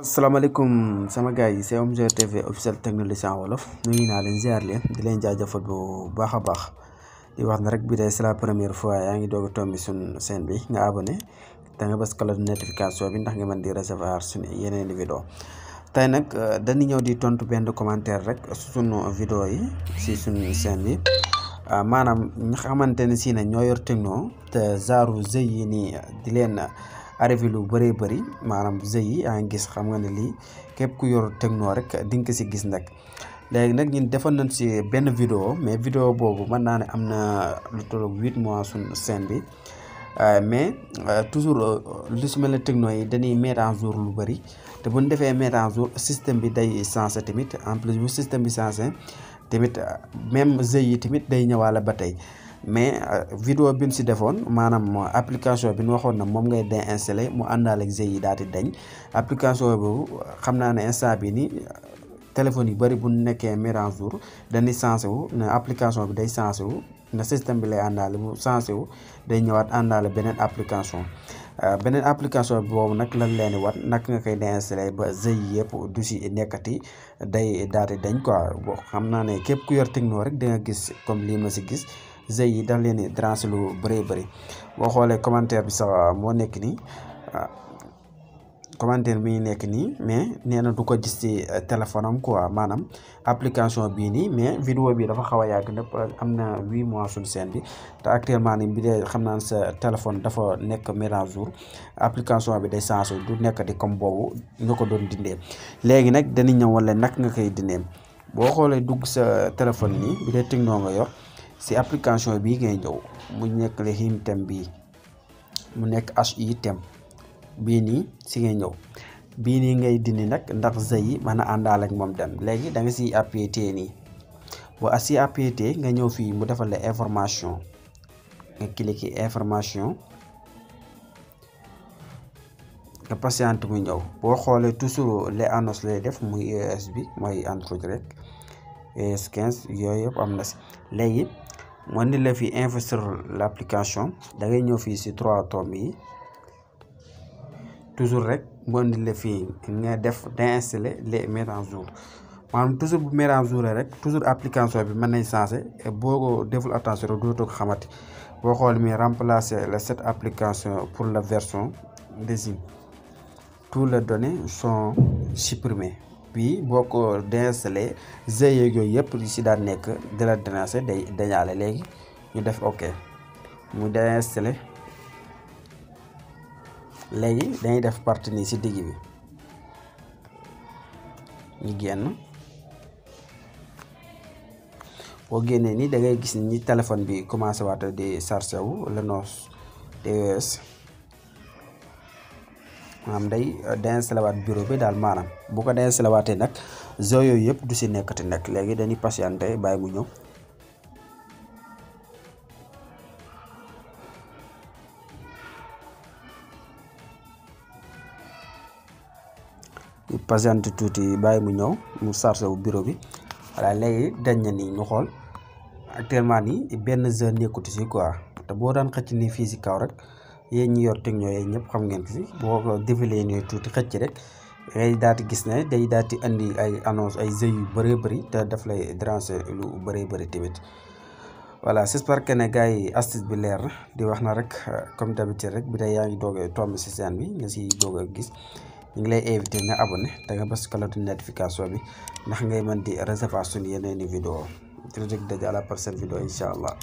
asalaamaaleykum sama gaa yi c'est Omzo TV officiel technologien wolof nuyu naa leen ziar leen di leen jaajëfal bu baax a baax di wax na rek bii day c'est la première fois yaa ngi doog a tombé suñu chaîne bi nga abonné da nga bës cloche notification bi ndax nga mën di recevoir suñu yeneen vidéo tey nag euh, dañu ñëw di tontu benn commentaire rek suñu vidéo yi si suñu chaîne bi euh, maanaam ñi xamante ne si ne ñoo yor techno te zaaru zëy yi nii di leen. arrivé lu bëree bëri maanaam jeu yi yaa ngi gis xam nga ne lii képp ku yor techno rek di nga ko si gis nag. léegi nag ñun defoon nañ si benn vidéo mais video boobu mën naa ne am na lu tolloog huit mois suñu scène bi euh, mais euh, toujours euh, lu si mel ne techno yi dañuy mettre en jour lu bëri te bu ñu defee mettre en jour système bi day sensé tamit en plus bu système bi sensé tamit même jeu yi tamit day ñëwaale ba tey. mais euh, vidéo bi nu si defoon maanaam euh, application bi nu waxoon na moom ngay désinstallé mu àndaale ak yi daal di dañ application boobu euh, xam naa ne instant bi ni téléphone yu bëri bu nekkee mise à jour dañuy sensé wu ne application bi day sensé wu na système bi lay àndaale mu sensé wu day ñëwaat àndaale beneen application beneen application boobu nag lan leen di wat naka nga koy désinstallé ba GIE yëpp du si nekkati day daal di dañ quoi boo xam naa ne képp ku yor techno rek da nga gis comme lii ma si gis. zëy yi daf leen di déranger lu bëree bëri boo xoolee commentaire bi sax ah, moo nekk nii ah, commentaire bi nekk nii mais nee na du ko gis si eh, téléphone am quoi maanaam application bii nii mais vidéo bi dafa xaw a yàgg nag am na huit mois suñu seen bi te actuellement ni bi dee xam naan sa téléphone dafa nekk mise jour application bi day changé du nekk di comme boobu nga ko doon dindee léegi nag danañ ñëw wala nag nga koy dindee boo xoolee dugg sa téléphone nii bi dee si application bii ngay ñëw mu nekk le him thème bii mu nekk hi thème bii nii si ngay ñëw bii nii ngay dindi nag ndax zëy yi mën a àndaal ak moom dem léegi danga nga siy appuyé nii boo si appuyé nga ñëw fii mu defal information nga cliqué information nga patiente mu ñëw boo xoolee toujours les annonces lay def muy EOS bi mooy Android rek US 15 yooyu yëpp am na si léegi ma ni la fi investir application da ngay ñëw fii si trois tomes yi toujours rek moo ni la fii nga def d'installer les mettre en jour maanaam toujours bu mettre en jour rek toujours application bi mën nañ changé boo ko deful attention rek dootoo ko xamati boo xool mi remplacer la cette application pour la version désigne toutes les données sont supprimées bi boo ko déinstallé GIE yooyu yëpp li si daan nekk di la dénoncer day dañaale léegi ñu def ok mu déinstallé léegi dañuy def partie ci digg bi ñu génn boo génnee nii da ngay gis ni téléphone bi commencé waat di chargé wu Lenovo TOS maam day euh, désinstallé waat bureau bi daal maanaam bu ko désinstallé waatee nag zo yooyu yëpp du si nekk ti nag léegi dañuy patienté bàyyi mu ñëw tuuti bàyyi mu ñëw mu chargé wu bureau bi voilà léegi dañ na nii ñu xool actuellement nii benn heure nekkutu si quoi te boo daan xëcc nii fii si kaw rek yéen ñi yor techno yéen ñëpp xam ngeen si boo ko défilé nii tuuti xëcc rek ngay daal di gis ne day daal di andi ay annonce ay jeux yu bëree bëri te daf lay déranger lu bëree bëri tamit. voilà j'espère que ne gars yi astuce bi leer na di wax na rek comme d'habitude rek bi tey yaa ngi doog a tombé si chaîne bi nga siy doog a gis ñu ngi lay invité nga abonné te nga bës cloche notification bi ndax ngay mën di recevoir yeneen i vidéo di rek daje à la prochaine vidéo incha allah.